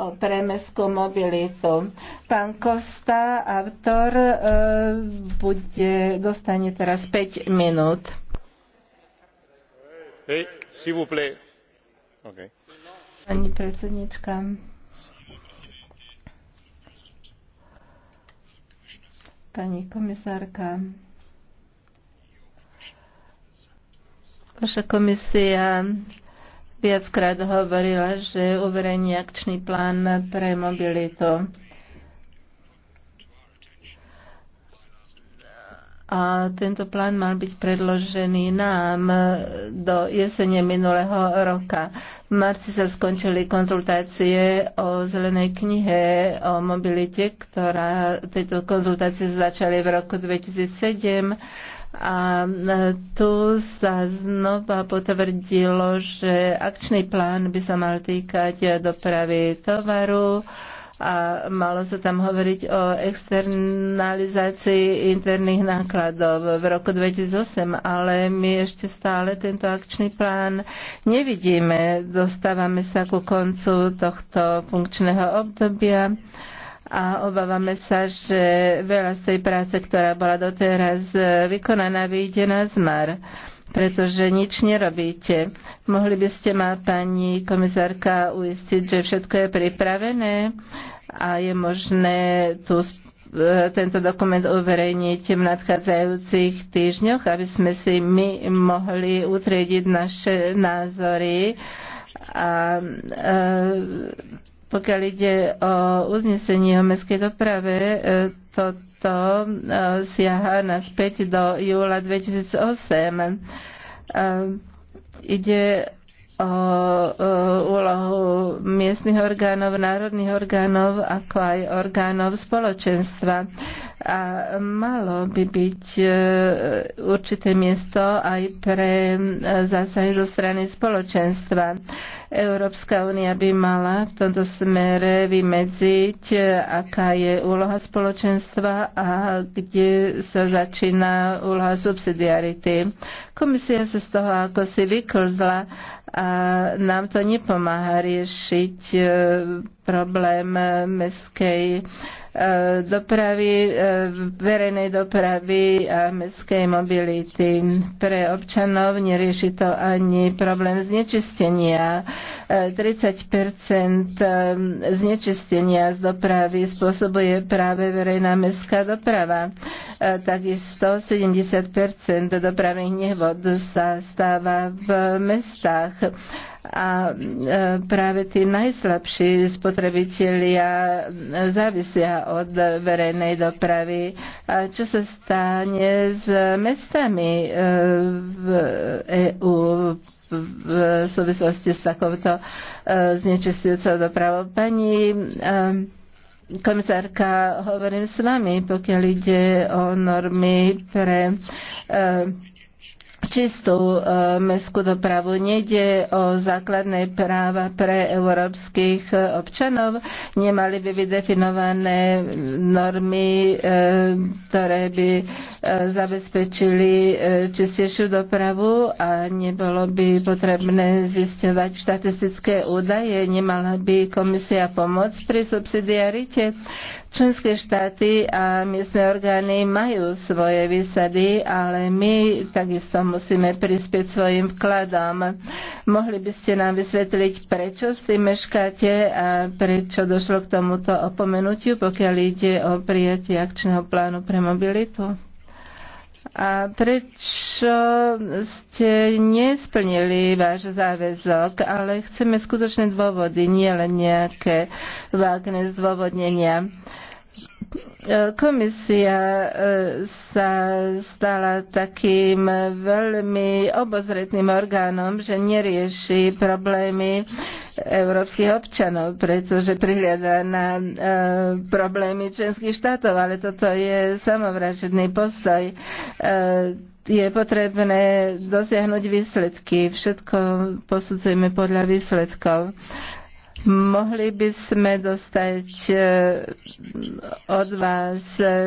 o premeskú mobilitu. Pán Kosta, autor, e, bude, dostane teraz 5 minút. Hej, s'il vous plaît. okay. Pani predsednička. Pani komisárka. Vaša komisia viackrát hovorila, že uverejní akčný plán pre mobilitu. A tento plán mal byť predložený nám do jesene minulého roka. V marci sa skončili konzultácie o zelenej knihe o mobilite, ktorá, tieto konzultácie začali v roku 2007 a e, tu sa znova potvrdilo, že akčný plán by sa mal týkať dopravy tovaru a malo sa tam hovoriť o externalizácii interných nákladov v roku 2008, ale my ešte stále tento akčný plán nevidíme. Dostávame sa ku koncu tohto funkčného obdobia a obávame sa, že veľa z tej práce, ktorá bola doteraz e, vykonaná, vyjde na zmar pretože nič nerobíte. Mohli by ste ma, pani komisárka, uistiť, že všetko je pripravené a je možné tu e, tento dokument uverejniť v nadchádzajúcich týždňoch, aby sme si my mohli utriediť naše názory a e, pokiaľ ide o uznesenie o mestskej doprave, e, toto e, siaha naspäť do júla 2008. E, ide o úlohu miestnych orgánov, národných orgánov, ako aj orgánov spoločenstva. A malo by byť e, určité miesto aj pre e, zásahy zo strany spoločenstva. Európska únia by mala v tomto smere vymedziť, e, aká je úloha spoločenstva a kde sa začína úloha subsidiarity. Komisia sa z toho ako si vyklzla a nám to nepomáha riešiť e, problém e, mestskej Eh, dopravy, eh, verejnej dopravy a mestskej mobility. Pre občanov nerieši to ani problém znečistenia. 30 eh, znečistenia z dopravy spôsobuje práve verejná mestská doprava. Takisto 70 dopravných nehod sa stáva v mestách a e, práve tí najslabší spotrebitelia závisia od verejnej dopravy. A čo sa stane s mestami e, v EU v súvislosti s takouto e, znečistujúcou dopravou? Pani komisárka, hovorím s vami, pokiaľ ide o normy pre čistú e, mestskú dopravu. Nede o základné práva pre európskych občanov. Nemali by byť definované normy, e, ktoré by e, zabezpečili čistejšiu dopravu a nebolo by potrebné zisťovať štatistické údaje. Nemala by komisia pomôcť pri subsidiarite. Členské štáty a miestne orgány majú svoje výsady, ale my takisto musíme prispieť svojim vkladom. Mohli by ste nám vysvetliť, prečo s tým meškáte a prečo došlo k tomuto opomenutiu, pokiaľ ide o prijatie akčného plánu pre mobilitu? A prečo ste nesplnili váš záväzok, ale chceme skutočné dôvody, nie len nejaké vágne zdôvodnenia. Komisia e, sa stala takým veľmi obozretným orgánom, že nerieši problémy európskych občanov, pretože prihliada na e, problémy členských štátov, ale toto je samovražedný postoj. E, je potrebné dosiahnuť výsledky. Všetko posudzujeme podľa výsledkov. Mohli by sme dostať e, od vás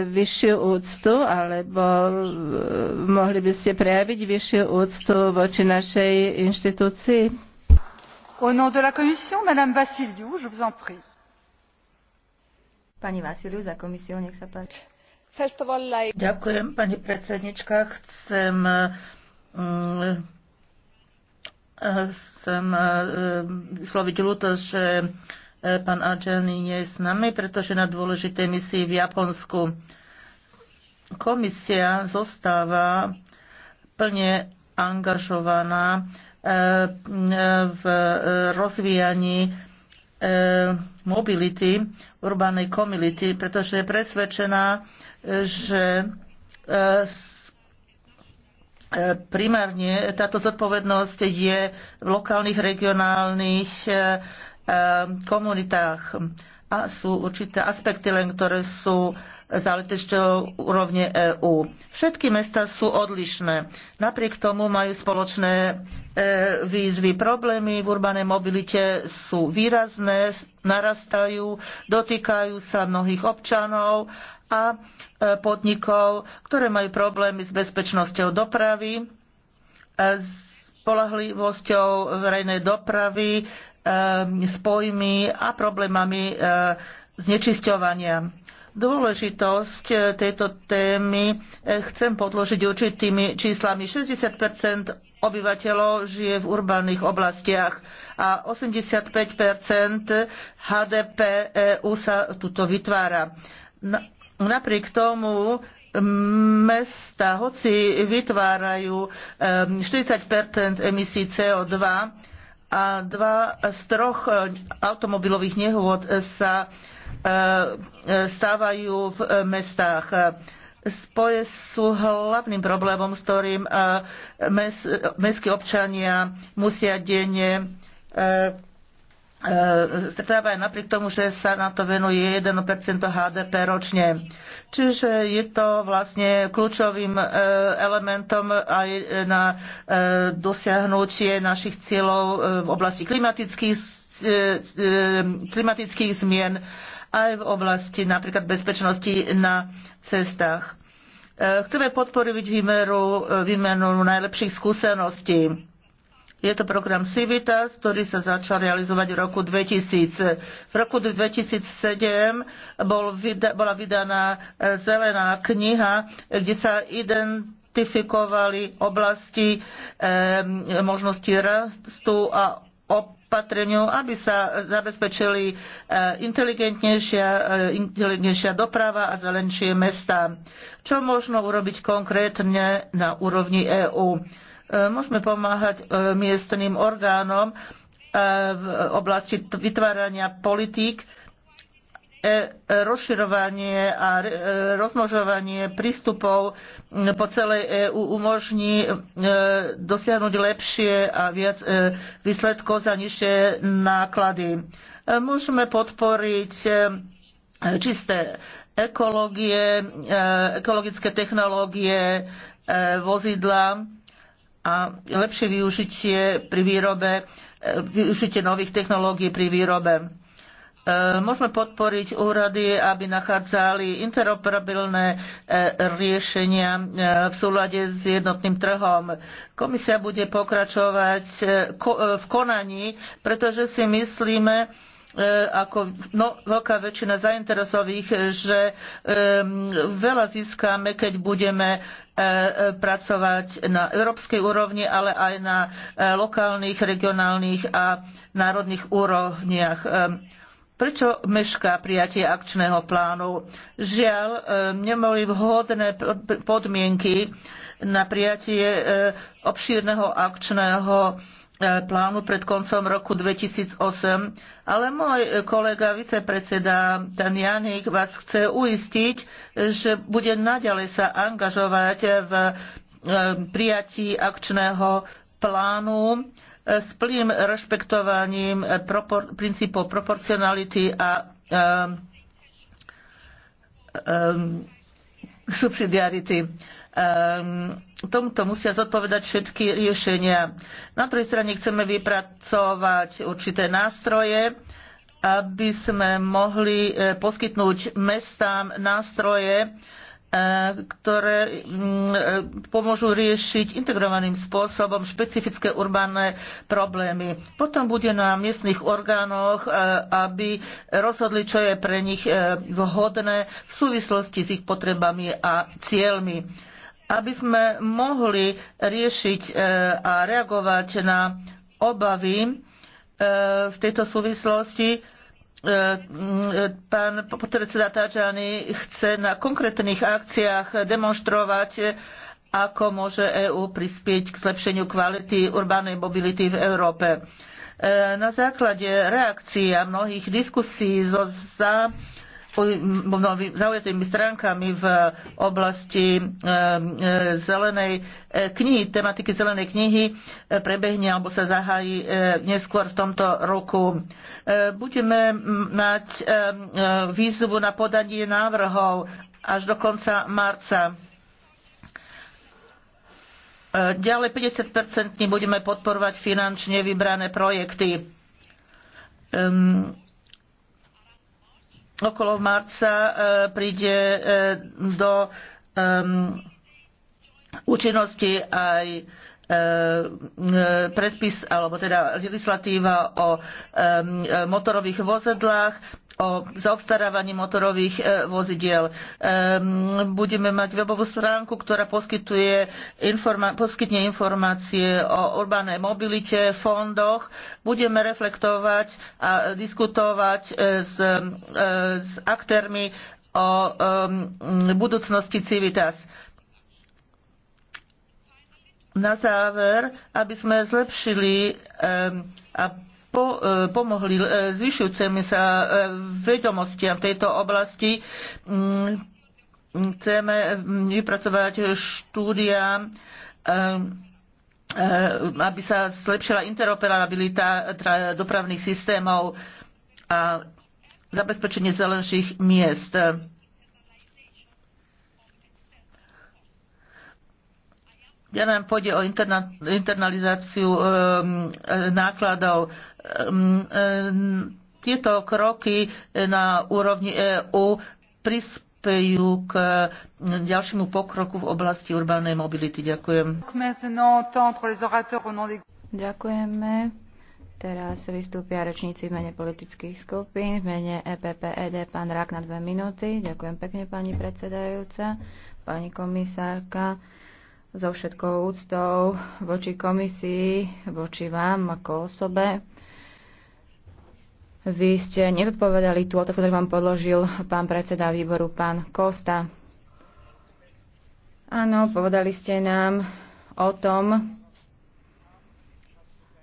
vyššiu úctu, alebo e, mohli by ste prejaviť vyššiu úctu voči našej inštitúcii? Au nom de la Commission, Madame Vassiliou, je vous en prie. Pani Vassiliou za komisiu, nech sa páči. Ďakujem, pani predsednička. Chcem mm, Chcem e, e, vysloviť ľúto, že e, pán Adželny nie je s nami, pretože na dôležitej misii v Japonsku komisia zostáva plne angažovaná v rozvíjaní mobility, urbanej komunity, pretože je presvedčená, že primárne táto zodpovednosť je v lokálnych, regionálnych e, e, komunitách a sú určité aspekty len, ktoré sú záležitosťou úrovne EÚ. Všetky mesta sú odlišné. Napriek tomu majú spoločné e, výzvy. Problémy v urbanej mobilite sú výrazné, narastajú, dotýkajú sa mnohých občanov a e, podnikov, ktoré majú problémy s bezpečnosťou dopravy, e, s polahlivosťou verejnej dopravy, e, spojmi a problémami znečisťovania. Dôležitosť tejto témy chcem podložiť určitými číslami. 60 obyvateľov žije v urbánnych oblastiach a 85 HDP EU sa tuto vytvára. No napriek tomu mesta, hoci vytvárajú 40 emisí CO2 a dva z troch e, automobilových nehôd sa e, e, stávajú v mestách. Spoje sú hlavným problémom, s ktorým mes, mestskí občania musia denne E, stretávajú napriek tomu, že sa na to venuje 1% HDP ročne. Čiže je to vlastne kľúčovým e, elementom aj na e, dosiahnutie našich cieľov v oblasti klimatických, klimatických zmien, aj v oblasti napríklad bezpečnosti na cestách. Chceme podporiť výmeru, výmenu najlepších skúseností je to program Civitas, ktorý sa začal realizovať v roku 2000. V roku 2007 bol, bola vydaná e, zelená kniha, kde sa identifikovali oblasti eh, možnosti rastu a opatreniu, aby sa zabezpečili e, inteligentnejšia, e, inteligentnejšia doprava a zelenšie mesta. Čo možno urobiť konkrétne na úrovni EÚ? E, môžeme pomáhať e, miestnym orgánom e, v oblasti vytvárania politík, rozširovanie a rozmnožovanie prístupov po celej EÚ umožní dosiahnuť lepšie a viac výsledkov za nižšie náklady. Môžeme podporiť čisté ekológie, ekologické technológie, vozidla, a lepšie využitie pri výrobe, e, využitie nových technológií pri výrobe. E, môžeme podporiť úrady, aby nachádzali interoperabilné e, riešenia v súlade s jednotným trhom. Komisia bude pokračovať v konaní, pretože si myslíme, E, ako no, veľká väčšina zainteresových, e, že e, veľa získame, keď budeme pracovať na európskej úrovni, ale aj na lokálnych, regionálnych a národných úrovniach. Prečo mešká prijatie akčného plánu? Žiaľ, nemali vhodné podmienky na prijatie obšírneho akčného plánu E, plánu pred koncom roku 2008, ale môj kolega vicepredseda Tanianik vás chce uistiť, že bude naďalej sa angažovať v e, prijatí akčného plánu e, s plným rešpektovaním propor- princípov proporcionality a subsidiarity. Um, tomuto musia zodpovedať všetky riešenia. Na druhej strane chceme vypracovať určité nástroje, aby sme mohli e, poskytnúť mestám nástroje, e, ktoré mm, e, pomôžu riešiť integrovaným spôsobom špecifické urbánne problémy. Potom bude na miestnych orgánoch, aby rozhodli, čo je pre nich vhodné v súvislosti s ich potrebami a cieľmi aby sme mohli riešiť e, a reagovať na obavy e, v tejto súvislosti. E, pán predseda Tajani chce na konkrétnych akciách demonstrovať, ako môže EÚ prispieť k zlepšeniu kvality urbanej mobility v Európe. Na základe reakcií a mnohých diskusí so za zaujatými stránkami v oblasti eh, eh, zelenej eh, knihy, tematiky zelenej knihy prebehne alebo sa zahájí neskôr v tomto roku. Budeme mať výzvu na podanie návrhov až do konca marca. Ďalej 50% budeme podporovať finančne vybrané projekty. Ehm, okolo marca e, príde e, do e, účinnosti aj E, e, predpis alebo teda legislatíva o e, motorových vozidlách o zaobstarávaní motorových vozidiel. Budeme mať webovú stránku, ktorá poskytuje informa- poskytne informácie o urbanej mobilite, fondoch. Budeme reflektovať a diskutovať s, s aktérmi o budúcnosti Civitas na záver, aby sme zlepšili a e, pomohli e, zvyšujúcemi sa e, vedomostiam v tejto oblasti, mm, chceme vypracovať štúdia, aby sa zlepšila interoperabilita dopravných systémov a zabezpečenie zelenších miest. Ja nám pôjde o interna, internalizáciu um, e, nákladov. Um, um, tieto kroky e, na úrovni EÚ prispejú k ďalšiemu pokroku v oblasti urbánnej mobility. Ďakujem. Ďakujeme. Teraz vystúpia rečníci v mene politických skupín, v mene EPPED, pán Rák na dve minúty. Ďakujem pekne, pani predsedajúca, pani komisárka so všetkou úctou voči komisii, voči vám ako osobe. Vy ste nezodpovedali tú otázku, ktorú vám podložil pán predseda výboru, pán Kosta. Áno, povedali ste nám o tom,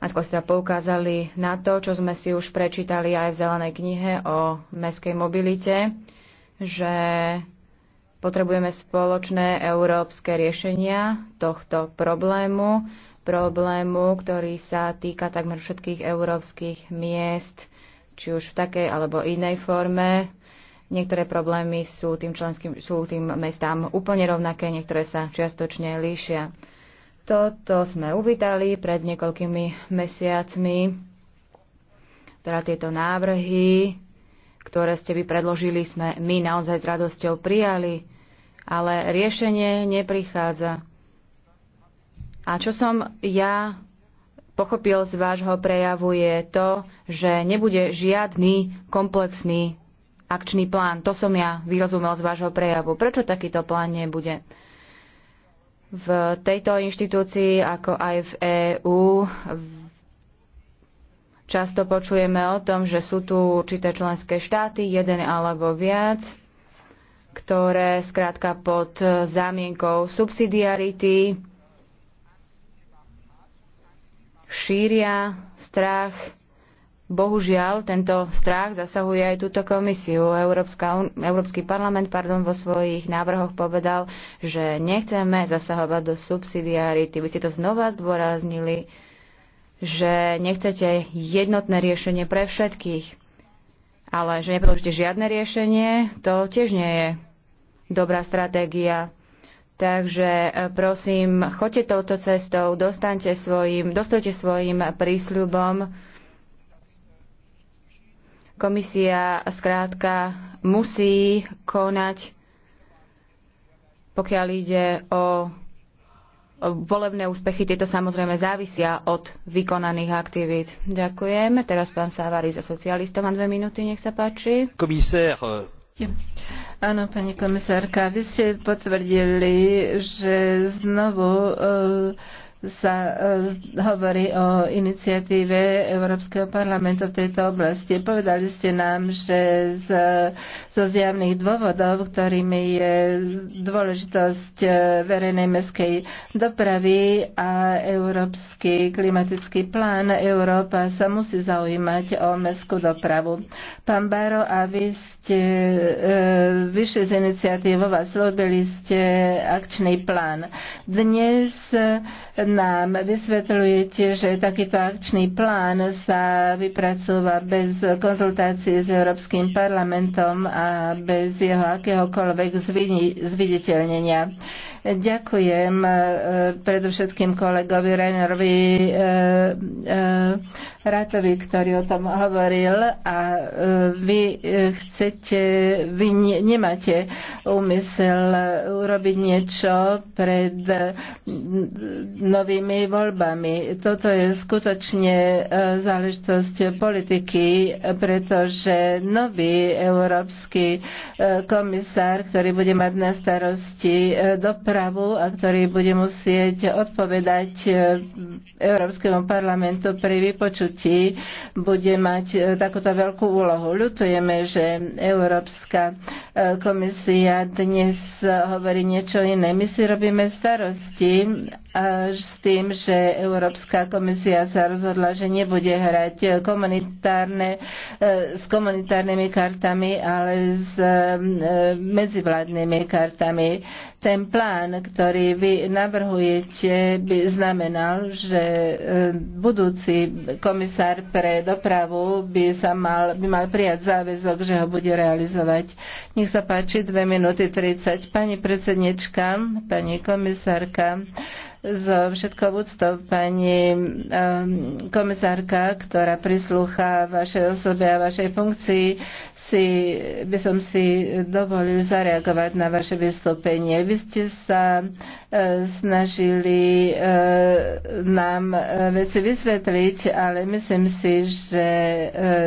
a skôr ste poukázali na to, čo sme si už prečítali aj v zelenej knihe o meskej mobilite, že Potrebujeme spoločné európske riešenia tohto problému, problému, ktorý sa týka takmer všetkých európskych miest, či už v takej alebo inej forme. Niektoré problémy sú tým, členským, sú tým mestám úplne rovnaké, niektoré sa čiastočne líšia. Toto sme uvítali pred niekoľkými mesiacmi, teda tieto návrhy ktoré ste vy predložili, sme my naozaj s radosťou prijali, ale riešenie neprichádza. A čo som ja pochopil z vášho prejavu je to, že nebude žiadny komplexný akčný plán. To som ja vyrozumel z vášho prejavu. Prečo takýto plán nebude? V tejto inštitúcii, ako aj v EÚ, Často počujeme o tom, že sú tu určité členské štáty, jeden alebo viac, ktoré skrátka pod zámienkou subsidiarity šíria strach. Bohužiaľ, tento strach zasahuje aj túto komisiu. Európska, Európsky parlament pardon, vo svojich návrhoch povedal, že nechceme zasahovať do subsidiarity. Vy ste to znova zdôraznili že nechcete jednotné riešenie pre všetkých, ale že nepredložíte žiadne riešenie, to tiež nie je dobrá stratégia. Takže e, prosím, choďte touto cestou, dostaňte svojim, dostojte svojim prísľubom. Komisia zkrátka musí konať, pokiaľ ide o volebné úspechy tieto samozrejme závisia od vykonaných aktivít. Ďakujem. Teraz pán Sávari za socialistom. Mám dve minúty, nech sa páči. Komisér. Eh. Áno, pani komisárka, vy ste potvrdili, že znovu e, sa eh, hovorí o iniciatíve Európskeho parlamentu v tejto oblasti. Povedali ste nám, že z, zo zjavných dôvodov, ktorými je dôležitosť eh, verejnej mestskej dopravy a Európsky klimatický plán, Európa sa musí zaujímať o mestskú dopravu. Pán Baro, a vy ste e, vyšli z iniciatívou a slúbili ste akčný plán. Dnes nám vysvetľujete, že takýto akčný plán sa vypracúva bez konzultácie s Európskym parlamentom a bez jeho akéhokoľvek zviditeľnenia. Ďakujem eh, predovšetkým kolegovi Reinerovi eh, eh, Ratovi, ktorý o tom hovoril a e, vy e, chcete, vy ne, nemáte úmysel urobiť niečo pred e, novými voľbami. Toto je skutočne záležitosť politiky, pretože nový európsky komisár, ktorý bude mať na starosti dopravu a ktorý bude musieť odpovedať Európskemu parlamentu pri vypočutí stretnutí bude mať e, takúto veľkú úlohu. Ľutujeme, že Európska e, komisia dnes hovorí niečo iné. My si robíme starosti e, s tým, že Európska komisia sa rozhodla, že nebude hrať komunitárne, s komunitárnymi kartami, ale s medzivládnymi kartami ten plán, ktorý vy navrhujete, by znamenal, že e, budúci komisár pre dopravu by, sa mal, by mal prijať záväzok, že ho bude realizovať. Nech sa páči, 2 minúty 30. Pani predsednička, pani komisárka, zo všetkou úctou pani e, komisárka, ktorá prislúcha vašej osobe a vašej funkcii, si, by som si dovolil zareagovať na vaše vystúpenie. Vy ste sa e, snažili e, nám e, veci vysvetliť, ale myslím si, že e,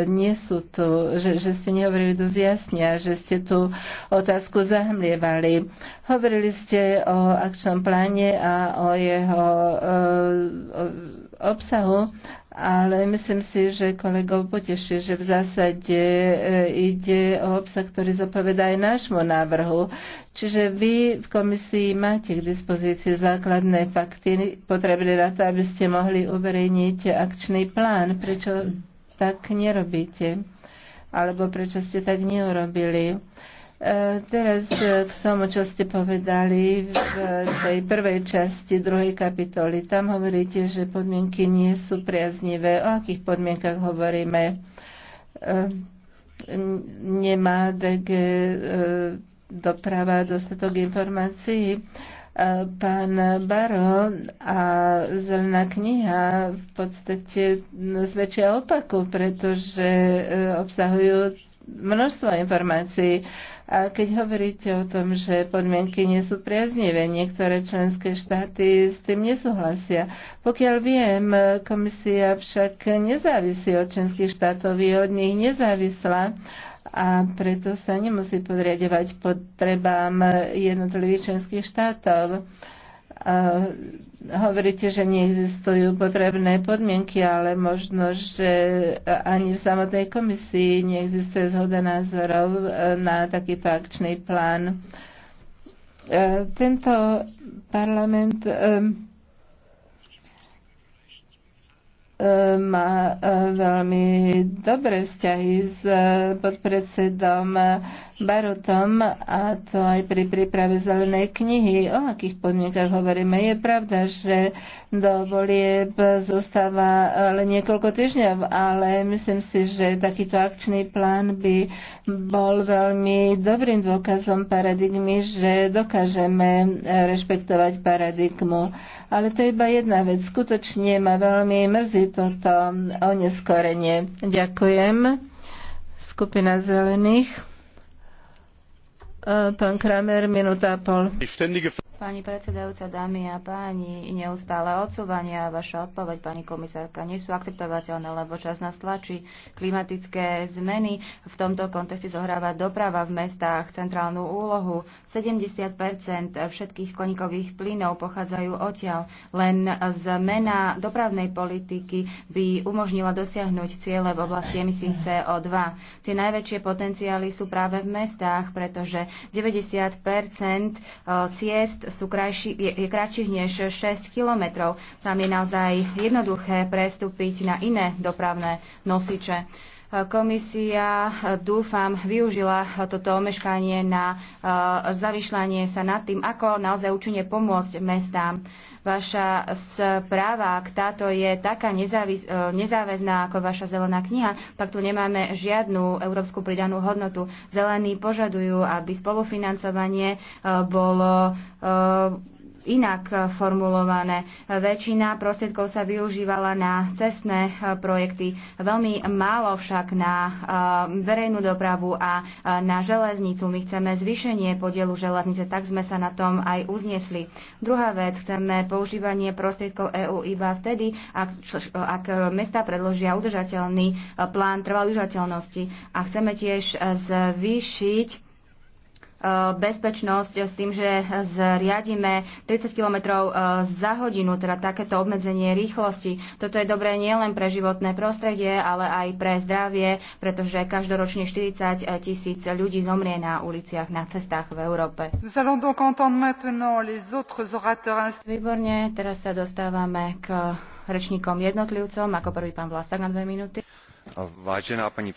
nie sú tu, že, že ste nehovorili dosť jasne a že ste tú otázku zahmlievali. Hovorili ste o akčnom pláne a o jeho e, obsahu, ale myslím si, že kolegov poteší, že v zásade e, ide o obsah, ktorý zopoveda aj nášmu návrhu. Čiže vy v komisii máte k dispozícii základné fakty potrebné na to, aby ste mohli uverejniť akčný plán. Prečo tak nerobíte? Alebo prečo ste tak neurobili? Teraz k e, tomu, čo ste povedali v tej prvej časti druhej kapitoly. Tam hovoríte, že podmienky nie sú priaznivé. O akých podmienkach hovoríme? E, nemá DG e, doprava dostatok informácií. Pán Baro a zelená kniha v podstate no, zväčšia opaku, pretože obsahujú množstvo informácií. A keď hovoríte o tom, že podmienky nie sú priaznivé, niektoré členské štáty s tým nesúhlasia. Pokiaľ viem, komisia však nezávisí od členských štátov, je od nich nezávislá a preto sa nemusí podriadovať potrebám jednotlivých členských štátov. A e, hovoríte, že neexistujú potrebné podmienky, ale možno, že ani v samotnej komisii neexistuje zhoda názorov e, na takýto akčný plán. E, tento parlament má veľmi dobré vzťahy s podpredsedom Barutom a to aj pri príprave zelenej knihy. O akých podmienkach hovoríme? Je pravda, že do volieb zostáva len niekoľko týždňov, ale myslím si, že takýto akčný plán by bol veľmi dobrým dôkazom paradigmy, že dokážeme rešpektovať paradigmu. Ale to je iba jedna vec. Skutočne ma veľmi mrzí toto oneskorenie. Ďakujem. Skupina zelených. Pán Kramer, minúta a pol. Pani predsedajúca, dámy a páni, neustále odsúvania a vaša odpoveď, pani komisárka, nie sú akceptovateľné, lebo čas nás tlačí. Klimatické zmeny v tomto kontexte zohráva doprava v mestách centrálnu úlohu. 70 všetkých skleníkových plynov pochádzajú odtiaľ. Len zmena dopravnej politiky by umožnila dosiahnuť ciele v oblasti emisí CO2. Tie najväčšie potenciály sú práve v mestách, pretože 90 eh, ciest sú krajší, je, je kratších než 6 kilometrov. Tam je naozaj jednoduché prestúpiť na iné dopravné nosiče. Komisia, dúfam, využila toto omeškanie na e, zavyšľanie sa nad tým, ako naozaj účinne pomôcť mestám. Vaša správa, ak táto je taká e, nezáväzná ako vaša zelená kniha, tak tu nemáme žiadnu európsku pridanú hodnotu. Zelení požadujú, aby spolufinancovanie e, bolo inak eh, formulované. Väčšina prostriedkov sa využívala na cestné eh, projekty, veľmi málo však na eh, verejnú dopravu a na železnicu. My chceme zvýšenie podielu železnice, tak sme sa na tom aj uznesli. Druhá vec, chceme používanie prostriedkov EÚ iba vtedy, ak, ak mesta predložia udržateľný plán trvalý udržateľnosti. A chceme tiež zvýšiť bezpečnosť s tým, že zriadíme 30 km e, za hodinu, teda takéto obmedzenie rýchlosti. Toto je dobré nielen pre životné prostredie, ale aj pre zdravie, pretože každoročne 40 e, tisíc ľudí zomrie na uliciach, na cestách v Európe. Výborne, teraz sa dostávame k rečníkom jednotlivcom, ako prvý pán Vlasak na dve minúty. Vážená pani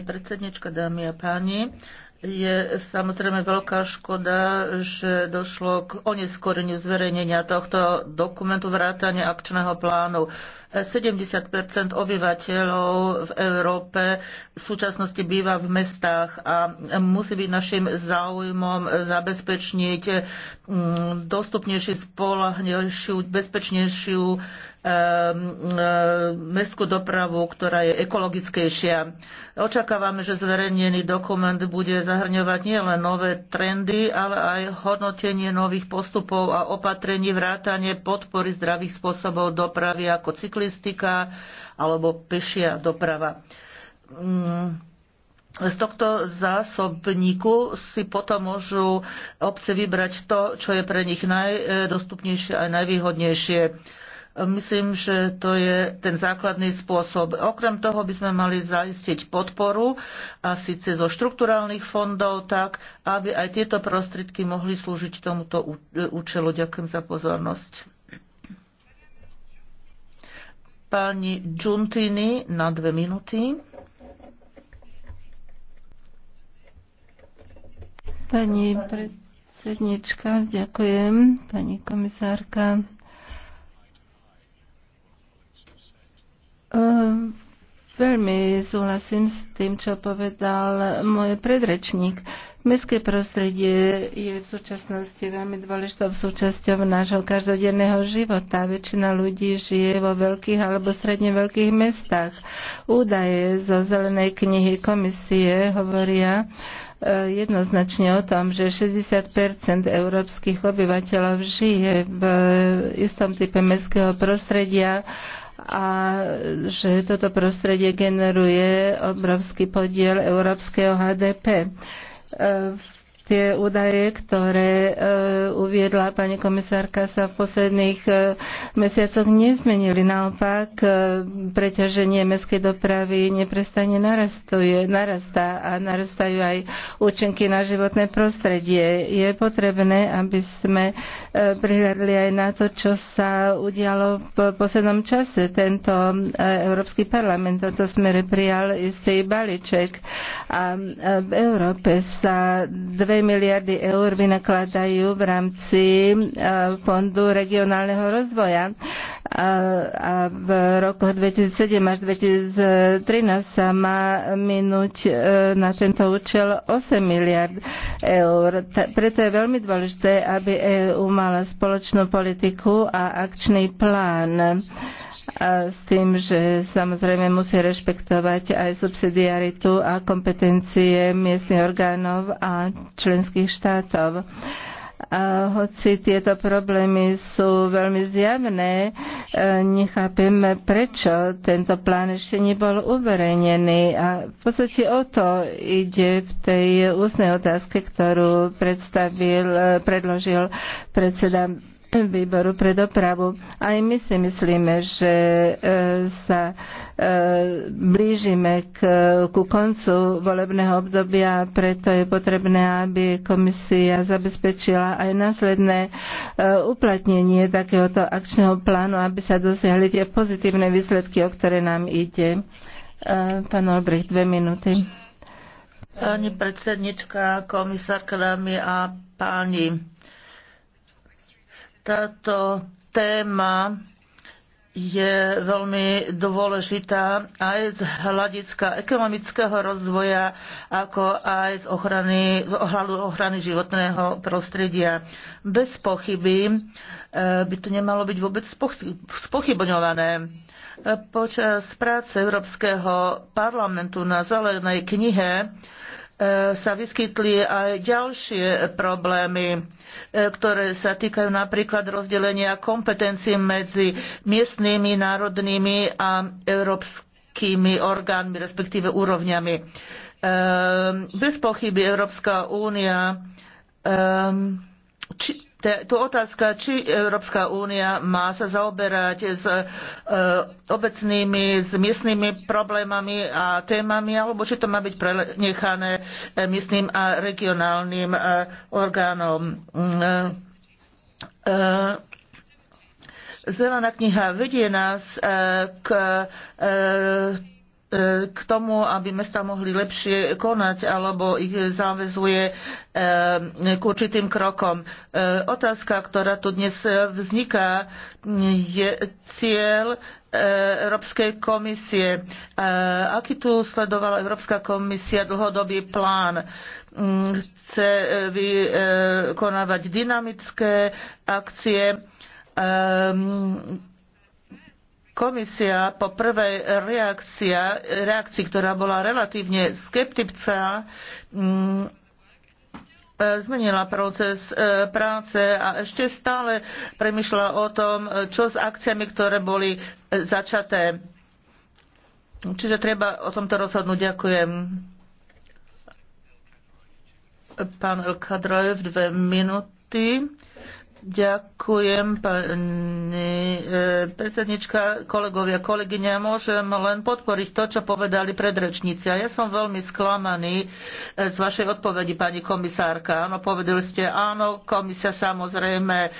predsednička. dámy a páni, je samozrejme veľká škoda, že došlo k oneskoreniu zverejnenia tohto dokumentu vrátania akčného plánu. 70 obyvateľov v Európe v súčasnosti býva v mestách a musí byť našim záujmom zabezpečniť mm, dostupnejšiu, spolahnejšiu, bezpečnejšiu Ehm, ehm, mestskú dopravu, ktorá je ekologickejšia. Očakávame, že zverejnený dokument bude zahrňovať nielen nové trendy, ale aj hodnotenie nových postupov a opatrení vrátanie podpory zdravých spôsobov dopravy ako cyklistika alebo pešia doprava. Mm. Z tohto zásobníku si potom môžu obce vybrať to, čo je pre nich najdostupnejšie a najvýhodnejšie Myslím, že to je ten základný spôsob. Okrem toho by sme mali zaistiť podporu a síce zo štrukturálnych fondov tak, aby aj tieto prostriedky mohli slúžiť tomuto účelu. Ďakujem za pozornosť. Pani Giuntini na dve minúty. Pani predsednička, ďakujem. Pani komisárka, Eh, veľmi súhlasím s tým, čo povedal môj predrečník. Mestské prostredie je v súčasnosti veľmi dôležitou súčasťou nášho každodenného života. Väčšina ľudí žije vo veľkých alebo stredne veľkých mestách. Údaje zo Zelenej knihy komisie hovoria eh, jednoznačne o tom, že 60 európskych obyvateľov žije v istom type mestského prostredia a že toto prostredie generuje obrovský podiel európskeho HDP. E, v Tie údaje, ktoré e, uviedla pani komisárka, sa v posledných e, mesiacoch nezmenili. Naopak, e, preťaženie mestskej dopravy neprestane narastuje, narastá a narastajú aj účinky na životné prostredie. Je potrebné, aby sme prihľadli aj na to, čo sa udialo v poslednom čase. Tento Európsky parlament v tomto smere prijal istý balíček a v Európe sa dve miliardy eur vynakladajú v rámci eh, Fondu regionálneho rozvoja a, a v rokoch 2007 až 2013 sa má minúť e, na tento účel 8 miliard eur. Ta, preto je veľmi dôležité, aby EU mala spoločnú politiku a akčný plán a e, s tým, že samozrejme musí rešpektovať aj subsidiaritu a kompetencie miestnych orgánov a členských štátov. A hoci tieto problémy sú veľmi zjavné, e, nechápem, prečo tento plán ešte nebol uverejnený. A v podstate o to ide v tej ústnej otázke, ktorú predstavil, e, predložil predseda výboru pre dopravu. Aj my si myslíme, že e, sa e, blížime k, ku koncu volebného obdobia, preto je potrebné, aby komisia zabezpečila aj následné e, uplatnenie takéhoto akčného plánu, aby sa dosiahli tie pozitívne výsledky, o ktoré nám ide. Pán Olbrich, dve minúty. Pani predsednička, komisárka, dámy a páni, táto téma je veľmi dôležitá aj z hľadiska ekonomického rozvoja, ako aj z, ochrany, z ohľadu ochrany životného prostredia. Bez pochyby eh, by to nemalo byť vôbec spochybňované. Počas práce Európskeho parlamentu na zelenej knihe E, sa vyskytli aj ďalšie problémy, e, ktoré sa týkajú napríklad rozdelenia kompetencií medzi miestnymi, národnými a európskymi orgánmi, respektíve úrovňami. E, bez pochyby Európska únia či, tu otázka, či Európska únia má sa zaoberať s e, obecnými, s miestnymi problémami a témami, alebo či to má byť prenechané e, miestnym a regionálnym e, orgánom. Mm, Zelená kniha vedie nás k E, k tomu, aby mesta mohli lepšie konať alebo ich záväzuje e, k určitým krokom. E, otázka, ktorá tu dnes vzniká, je cieľ Európskej komisie. Aký tu sledovala Európska komisia dlhodobý plán? Mm, chce vykonávať dynamické akcie komisia po prvej reakcia, reakcii, ktorá bola relatívne skeptická, mm, zmenila proces e, práce a ešte stále premyšľa o tom, čo s akciami, ktoré boli e, začaté. Čiže treba o tomto rozhodnúť. Ďakujem. Pán El Kadroj, dve minúty. Ďakujem, pani e, predsednička, kolegovia, kolegyňa. Môžem len podporiť to, čo povedali predrečníci. A ja som veľmi sklamaný e, z vašej odpovedi, pani komisárka. Áno, povedali ste, áno, komisia samozrejme e,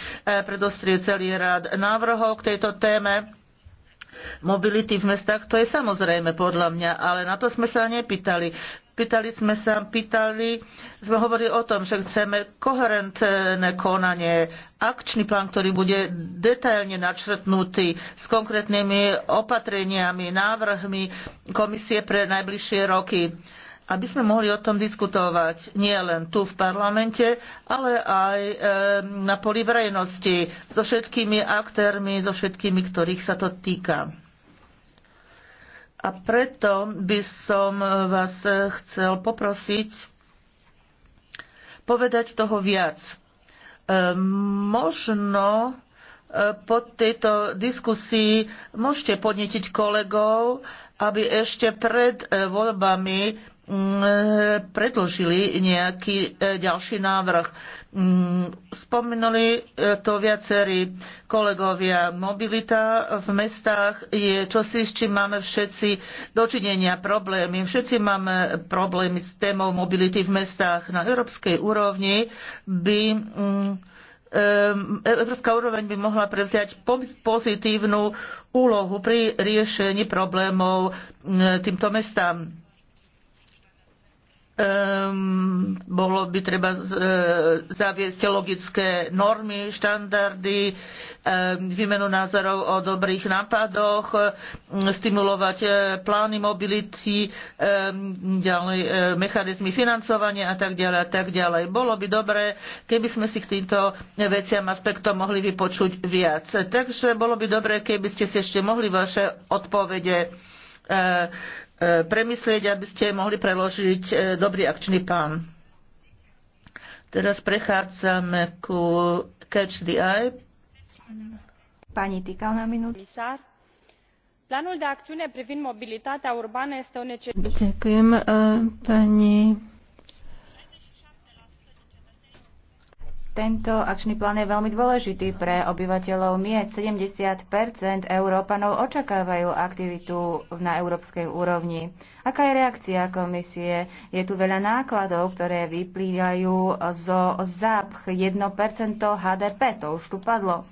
predostrie celý rád návrhov k tejto téme mobility v mestách, to je samozrejme podľa mňa, ale na to sme sa nepýtali. Pýtali sme sa, pýtali, sme hovorili o tom, že chceme koherentné konanie, akčný plán, ktorý bude detailne načrtnutý s konkrétnymi opatreniami, návrhmi komisie pre najbližšie roky aby sme mohli o tom diskutovať nie len tu v parlamente, ale aj e, na poli verejnosti so všetkými aktérmi, so všetkými, ktorých sa to týka. A preto by som e, vás e, chcel poprosiť povedať toho viac. E, možno po tejto diskusii môžete podnetiť kolegov, aby ešte pred voľbami Mm, eh, predložili nejaký eh, ďalší návrh. Mm, spomenuli eh, to viacerí kolegovia. Mobilita v mestách je čosi, s čím máme všetci dočinenia problémy. Všetci máme problémy s témou mobility v mestách. Na európskej úrovni by mm, e, Európska úroveň by mohla prevziať pozitívnu úlohu pri riešení problémov týmto mestám um, bolo by treba uh, zaviesť logické normy, štandardy, um, výmenu názorov o dobrých nápadoch, um, stimulovať uh, plány mobility, um, ďalej, uh, mechanizmy financovania a tak ďalej a tak ďalej. Bolo by dobré, keby sme si k týmto veciam aspektom mohli vypočuť viac. Takže bolo by dobré, keby ste si ešte mohli vaše odpovede uh, E, premyslieť, aby ste mohli preložiť e, dobrý akčný plán. Teraz prechádzame ku Catch the Eye. Pani Tikal na minútu. Planul de acțiune privind mobilitatea urbană este o necesitate. Ďakujem, e, pani Tento akčný plán je veľmi dôležitý pre obyvateľov miest. 70 Európanov očakávajú aktivitu na európskej úrovni. Aká je reakcia komisie? Je tu veľa nákladov, ktoré vyplývajú zo zápch 1 HDP, to už tu padlo.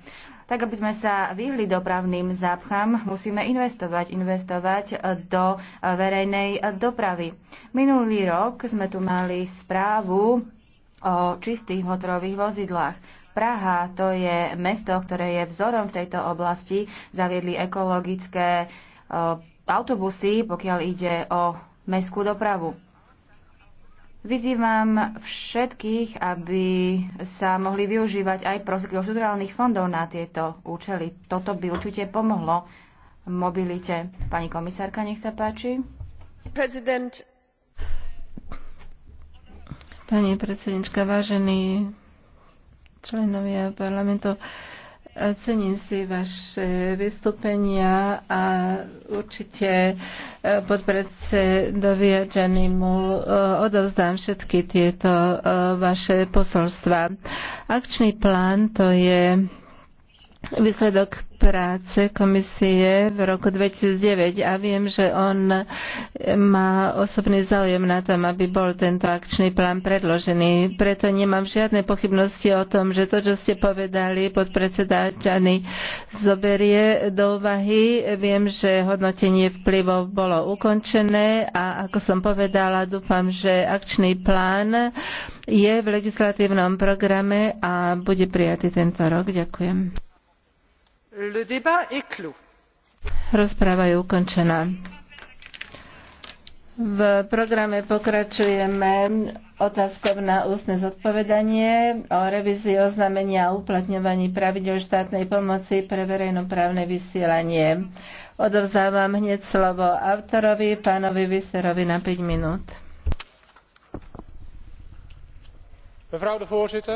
Tak, aby sme sa vyhli dopravným zápcham, musíme investovať, investovať do verejnej dopravy. Minulý rok sme tu mali správu o čistých motorových vozidlách. Praha to je mesto, ktoré je vzorom v tejto oblasti. Zaviedli ekologické autobusy, pokiaľ ide o mestskú dopravu. Vyzývam všetkých, aby sa mohli využívať aj prostriedky štruktúrálnych fondov na tieto účely. Toto by určite pomohlo mobilite. Pani komisárka, nech sa páči. President. Pani predsednička, vážení členovia parlamentu, cením si vaše vystúpenia a určite e, podpredsedovi Janimu e, odovzdám všetky tieto e, vaše posolstva. Akčný plán to je výsledok práce komisie v roku 2009 a viem, že on má osobný záujem na tom, aby bol tento akčný plán predložený. Preto nemám žiadne pochybnosti o tom, že to, čo ste povedali, podpredseda Čany zoberie do úvahy. Viem, že hodnotenie vplyvov bolo ukončené a ako som povedala, dúfam, že akčný plán je v legislatívnom programe a bude prijatý tento rok. Ďakujem. Rozprava je ukončená. V programe pokračujeme otázkov na ústne zodpovedanie o revízii oznámenia a uplatňovaní pravidel štátnej pomoci pre verejnoprávne vysielanie. Odovzdávam hneď slovo autorovi, pánovi Vyserovi na 5 minút. Mevrouw de voorzitter,